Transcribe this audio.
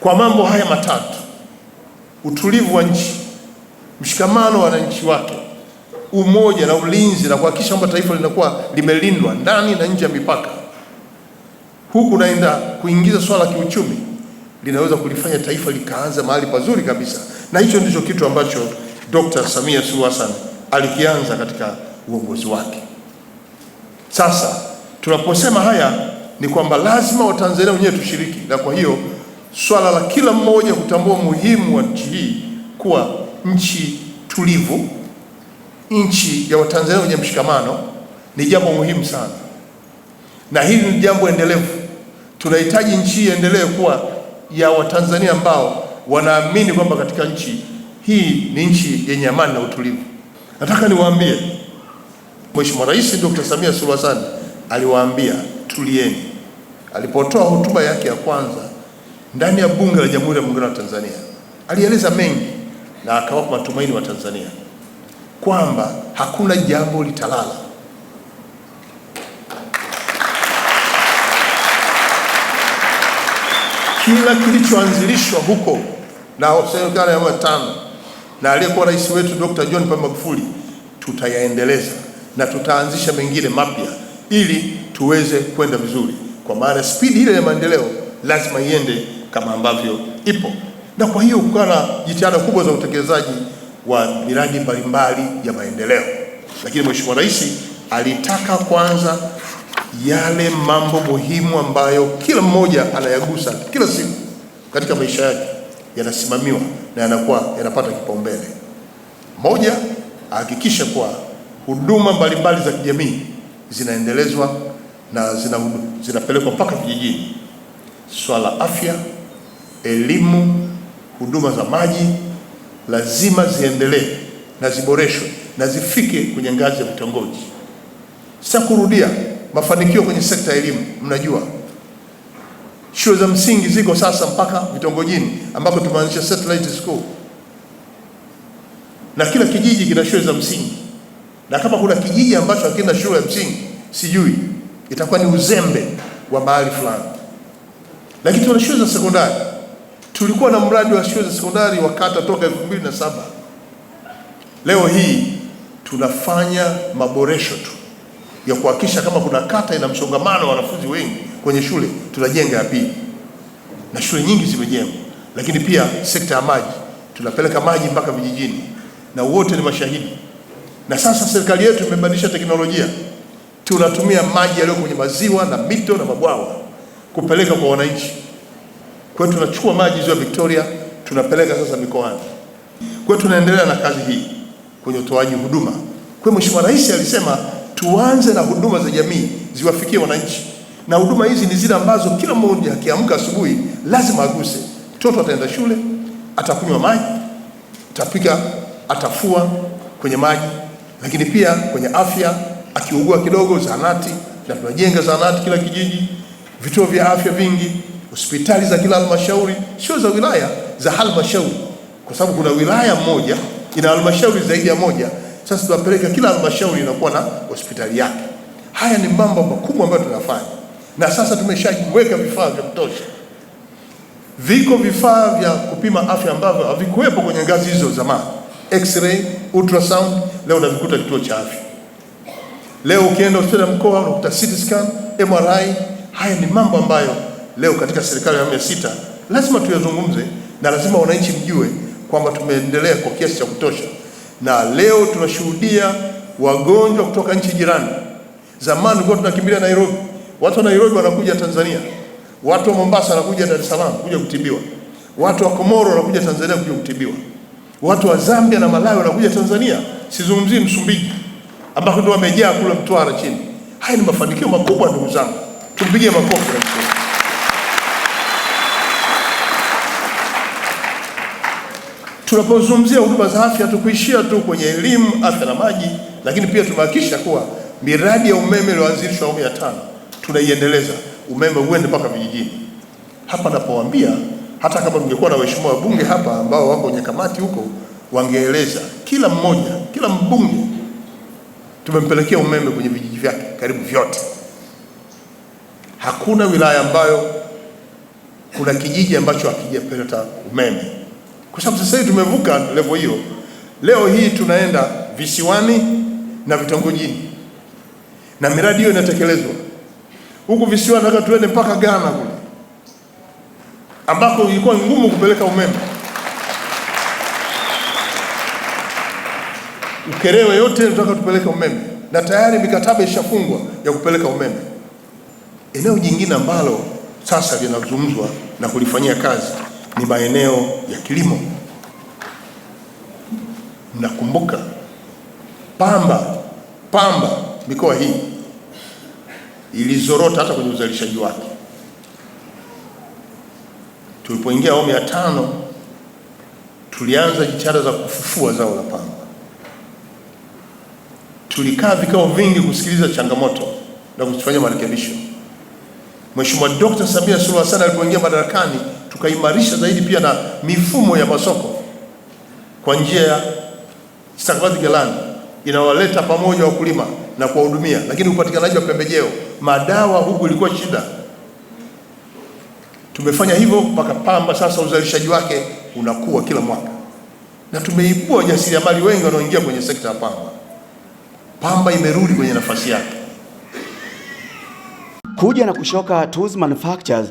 kwa mambo haya matatu: utulivu wa nchi, mshikamano wa wananchi wake, umoja na ulinzi, na kuhakikisha kwamba taifa linakuwa limelindwa ndani na nje ya mipaka. Huku naenda kuingiza swala la kiuchumi, linaweza kulifanya taifa likaanza mahali pazuri kabisa, na hicho ndicho kitu ambacho Dr. Samia Suluhu Hassan alikianza katika uongozi wake. Sasa tunaposema haya ni kwamba lazima Watanzania wenyewe tushiriki, na kwa hiyo swala la kila mmoja kutambua umuhimu wa nchi hii kuwa nchi tulivu, nchi ya Watanzania wenye mshikamano ni jambo muhimu sana, na hili ni jambo endelevu. Tunahitaji nchi hii endelee kuwa ya Watanzania ambao wanaamini kwamba katika nchi hii ni nchi yenye amani na utulivu. Nataka niwaambie Mheshimiwa Rais Dr. Samia Suluhu Hassan aliwaambia tulieni, alipotoa hotuba yake ya kwanza ndani ya Bunge la Jamhuri ya Muungano wa Tanzania. Alieleza mengi na akawapa matumaini wa Tanzania kwamba hakuna jambo litalala, kila kilichoanzilishwa huko na serikali ya awamu ya tano na aliyekuwa rais wetu Dr. John Pombe Magufuli tutayaendeleza na tutaanzisha mengine mapya ili tuweze kwenda vizuri, kwa maana spidi ile ya maendeleo lazima iende kama ambavyo ipo, na kwa hiyo kukawa na jitihada kubwa za utekelezaji wa miradi mbalimbali ya maendeleo, lakini Mheshimiwa Rais alitaka kwanza yale mambo muhimu ambayo kila mmoja anayagusa kila siku katika maisha yake yanasimamiwa na yanakuwa yanapata kipaumbele. Moja, ahakikishe kuwa huduma mbalimbali za kijamii zinaendelezwa na zinapelekwa mpaka vijijini, swala la afya elimu, huduma za maji lazima ziendelee na ziboreshwe na zifike kwenye ngazi ya vitongoji. Sasa kurudia mafanikio kwenye sekta ya elimu, mnajua shule za msingi ziko sasa mpaka vitongojini ambapo tumeanzisha satellite school, na kila kijiji kina shule za msingi, na kama kuna kijiji ambacho hakina shule ya msingi, sijui itakuwa ni uzembe wa mahali fulani, lakini tuna shule za sekondari Tulikuwa na mradi wa shule za sekondari wa kata toka elfu mbili na saba. Leo hii tunafanya maboresho tu ya kuhakikisha kama kuna kata ina msongamano wa wanafunzi wengi kwenye shule tunajenga ya pili, na shule nyingi zimejengwa. Lakini pia sekta ya maji, tunapeleka maji mpaka vijijini na wote ni mashahidi. Na sasa serikali yetu imebadilisha teknolojia, tunatumia maji yaliyo kwenye maziwa na mito na mabwawa kupeleka kwa wananchi. Kwa hiyo tunachukua maji ziwa Victoria tunapeleka sasa mikoani. Kwa hiyo tunaendelea na kazi hii kwenye utoaji huduma. Kwa hiyo Mheshimiwa Rais alisema tuanze na huduma za jamii ziwafikie wananchi, na huduma hizi ni zile ambazo kila mmoja akiamka asubuhi lazima aguse. Mtoto ataenda shule, atakunywa maji, atapika, atafua kwenye maji, lakini pia kwenye afya, akiugua kidogo, zahanati na tunajenga zahanati kila kijiji, vituo vya afya vingi hospitali za kila halmashauri, sio za wilaya, za halmashauri, kwa sababu kuna wilaya moja ina halmashauri zaidi ya moja. Sasa tunapeleka kila halmashauri inakuwa na hospitali yake. Haya ni mambo makubwa ambayo tunafanya, na sasa tumeshaweka vifaa vya kutosha. Viko vifaa vya kupima afya ambavyo havikuwepo kwenye ngazi hizo zamani, x-ray, ultrasound, leo unavikuta kituo cha afya. Leo ukienda hospitali ya mkoa unakuta CT scan, MRI. Haya ni mambo ambayo leo katika serikali ya awamu ya sita lazima tuyazungumze na lazima wananchi mjue kwamba tumeendelea kwa kiasi cha kutosha, na leo tunashuhudia wagonjwa kutoka nchi jirani. Zamani tulikuwa tunakimbilia Nairobi, watu wa Nairobi wanakuja Tanzania, watu wa Mombasa wanakuja Dar es Salaam kuja kutibiwa, watu wa Komoro wanakuja Tanzania kuja kutibiwa, watu wa Zambia na Malawi wanakuja Tanzania. Sizungumzii Msumbiji ambako ndio wamejaa kula mtwara chini. Haya ni mafanikio makubwa, ndugu zangu, tumpigie makofi. Tunapozungumzia huduma za afya, tukuishia tu kwenye elimu, afya na maji, lakini pia tumehakikisha kuwa miradi ya umeme iliyoanzishwa awamu ya tano tunaiendeleza, umeme uende mpaka vijijini. Hapa napowaambia, hata kama tungekuwa na waheshimiwa wabunge hapa ambao wako kwenye kamati huko, wangeeleza kila mmoja, kila mbunge tumempelekea umeme kwenye vijiji vyake karibu vyote. Hakuna wilaya ambayo kuna kijiji ambacho hakijapata umeme kwa sababu sasa hivi tumevuka level hiyo. Leo hii tunaenda visiwani na vitongojini, na miradi hiyo inatekelezwa huku visiwani, nataka tuende mpaka Ghana kule ambako ilikuwa ngumu kupeleka umeme. Ukerewe yote nataka tupeleke umeme, na tayari mikataba ishafungwa ya kupeleka umeme. Eneo jingine ambalo sasa linazungumzwa na kulifanyia kazi ni maeneo ya kilimo. Mnakumbuka pamba, pamba mikoa hii ilizorota hata kwenye uzalishaji wake. Tulipoingia awamu ya tano, tulianza jitihada za kufufua zao la pamba. Tulikaa vikao vingi kusikiliza changamoto na kufanya marekebisho. Mheshimiwa Dkt. Samia Suluhu Hassan alipoingia madarakani tukaimarisha zaidi pia na mifumo ya masoko kwa njia ya stakabadhi ghalani inawaleta pamoja wakulima na kuwahudumia, lakini upatikanaji wa pembejeo, madawa huku ilikuwa shida. Tumefanya hivyo mpaka pamba sasa uzalishaji wake unakuwa kila mwaka, na tumeibua wajasiriamali wengi wanaoingia kwenye sekta ya pamba. Pamba imerudi kwenye nafasi yake. Kuja na kushoka Tools Manufactures